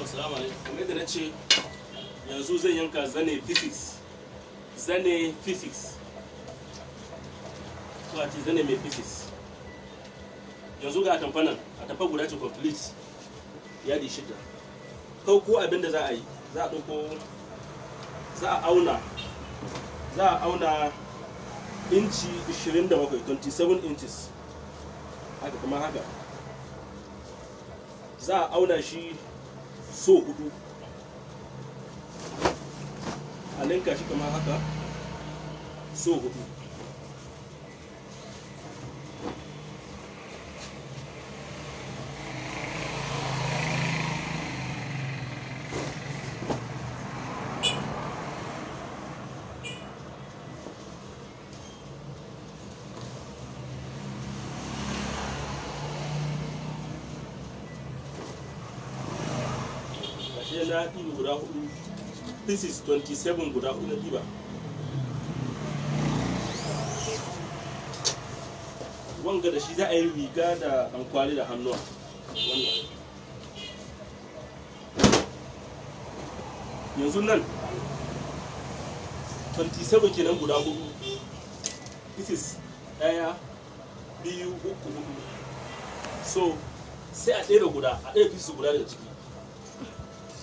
Assalamu alaikum. Kamar yadda na ce yanzu zai yanka zane physics. Zane physics. Ko a ce zane mai physics. Yanzu ga atamfa nan, atamfa guda ce complete yadi shida. Ɗauko abin da za a yi, za a ɗauko, za a auna, za a auna inci 27, 27 inches. Haka kamar haka. Za a auna shi so hudu a linka shi kamar haka so hudu da za a yi riga da ankwali da yanzu nan 27 kenan guda hudu biyu uku hudu so sai a ɗaya guda a guda da ciki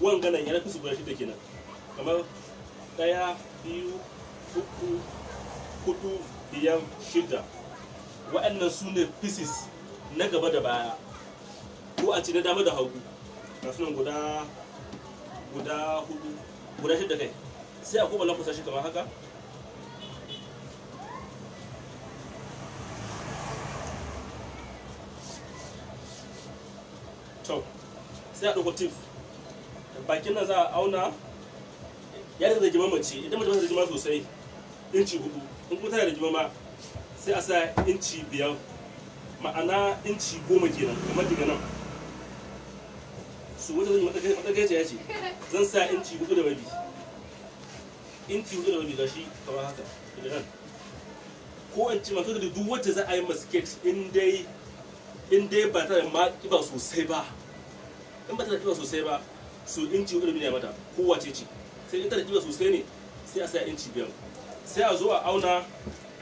wanganan yana kusa guda shida kenan kamar daya biyu uku hudu biyar shida wa'annan su ne pieces na gaba da baya ko a ci na dama da hagu ga sunan guda guda hudu guda shida kai sai a kuma lankusa shi kamar haka to sai a ɗauko bakin nan za a auna ya da rigima mace idan mace ba ta rigima sosai inci hudu in kuma tana rigima ma sai a sa inci biyar ma'ana inci goma kenan kamar diga nan su wata zai ce ya ce zan sa inci hudu da rabi inci hudu da rabi gashi kamar haka daga nan ko in ci masu da duk wacce za a yi masket in dai in dai ba ta da ma kiba sosai ba in ba ta da kiba sosai ba su inci hudu da miliyan mata kowace ce sai in da kiba sosai ne sai a sa inci biyar sai a zo a auna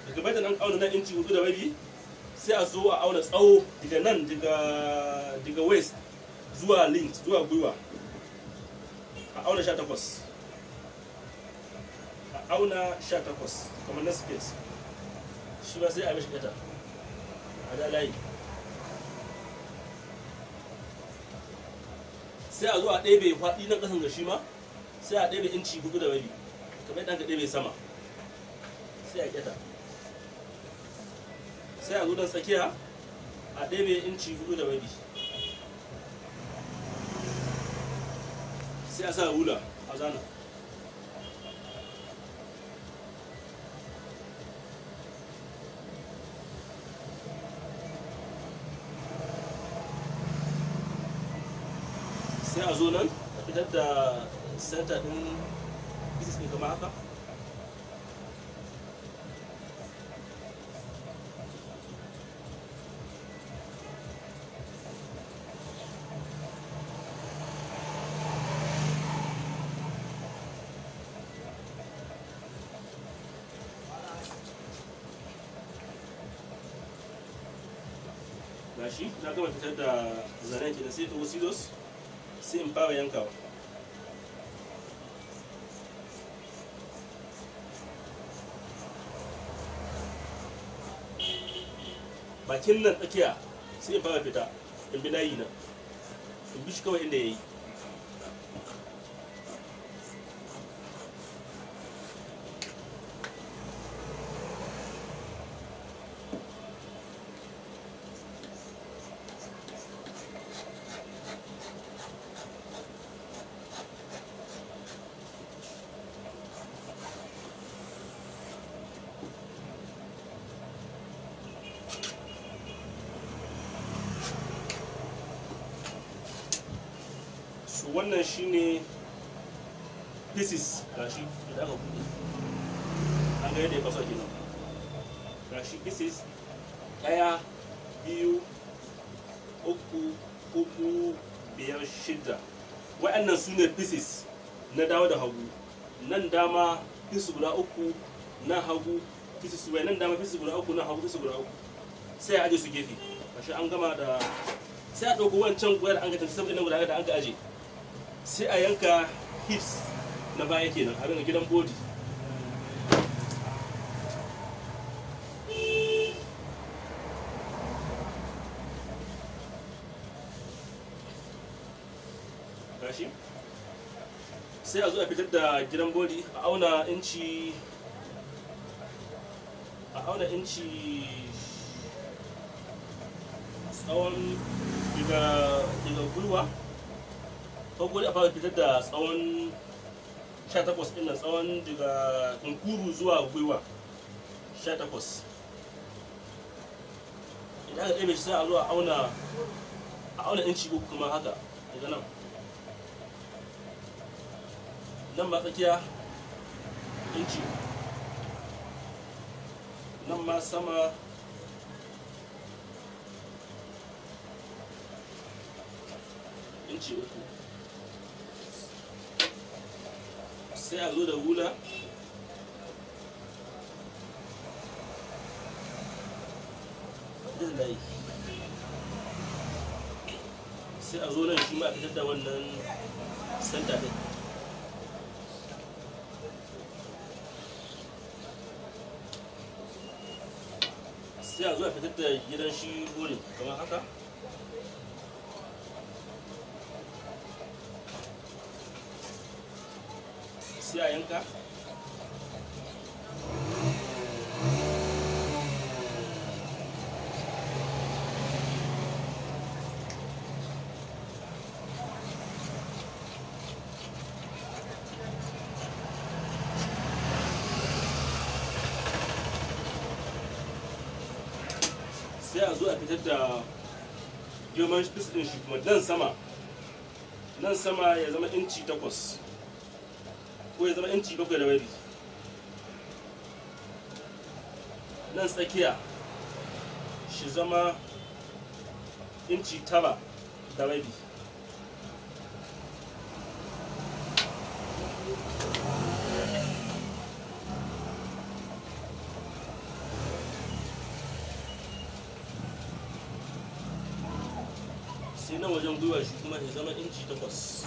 daga bai da nan auna na inci hudu da rabi sai a zo a auna tsawo daga nan daga west zuwa lint zuwa gwiwa a auna sha takwas a auna sha takwas kamar na space shi ba sai a mishi kata a da layi sai a zo a ɗebe faɗi na ƙasan da shi ma sai a ɗebe inci hudu da rabi kamar ɗan ka ɗebe sama sai a ƙeta sai a zo don tsakiya a ɗebe inci hudu da rabi sai a sa rula a zana sai a zo nan a fitar da center din pieces din kamar haka gashi na gama fitar da zanen ki da sai to silos sai in fara yankawa bakin nan tsakiya sai in fara fita in bi layi na in bi shi kawai inda ya yi wannan shine pieces shi da aka kudu an ga yadda ya fasa ga shi pieces ɗaya biyu uku uku biyar shida wa'annan su ne pieces na dawo da hagu nan dama pieces guda uku na hagu pieces wai nan dama pieces guda uku na hagu pieces guda uku sai a aje su gefe gashi an gama da sai a ɗauko wancan wayar an gata tafi saboda nan guda da an ga aje sai a yanka hips na baya kenan a gidan body sai a zo a fitar da gidan body a auna inci a auna inci tsawon daga gulwa farko dai a fara fitar da tsawon 18 ɗin nan tsawon daga kunkuru zuwa gwiwa 18 idan aka ɗebe shi sai a zo a auna a auna inci ko kuma haka daga nan nan ba tsakiya inci nan ma sama inci uku sai a zo da hula sai a zo nan shi ma a fitar da wannan santa ɗin sai a zo a fitar da gidan shi gole kamar haka sai a yanka sai a zo a fitar da girman spis din shi kuma nan sama nan sama ya zama inci takwas ko ya zama inci bakwai da rabi nan tsakiya shi zama inci tara da rabi sai na wajen gwiwa shi kuma ya zama inci takwas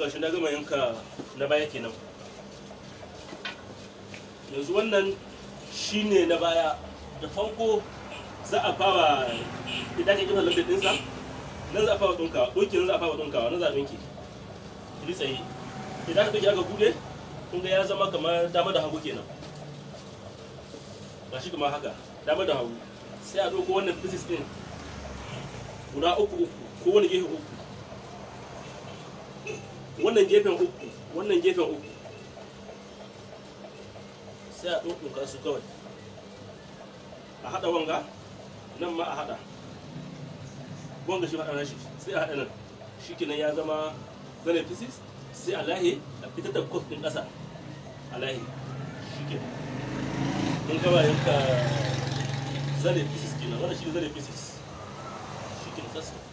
gashi na gama yanka na baya kenan yanzu wannan shine na baya da farko za a fara idan ka kifa lambar dinsa nan za a fara dunka doki nan za a fara dunkawa nan za a dunki ki tsaye idan ka doki aka gude kun ga ya zama kamar dama da hagu kenan shi kamar haka dama da hagu sai a ɗauko wannan pieces din guda uku uku ko wani gefe uku wannan gefen uku wannan gefen uku sai a ɗauɗuka su kawai a haɗa wanga nan ma a haɗa wanga shi haɗa nashi sai a haɗa nan shi kenan ya zama benefices sai a lahi a fitar da kwas ɗin ƙasa a lahi shi ke mun gaba yanka zane fisis kenan wannan shi zane fisis shi kenan sassa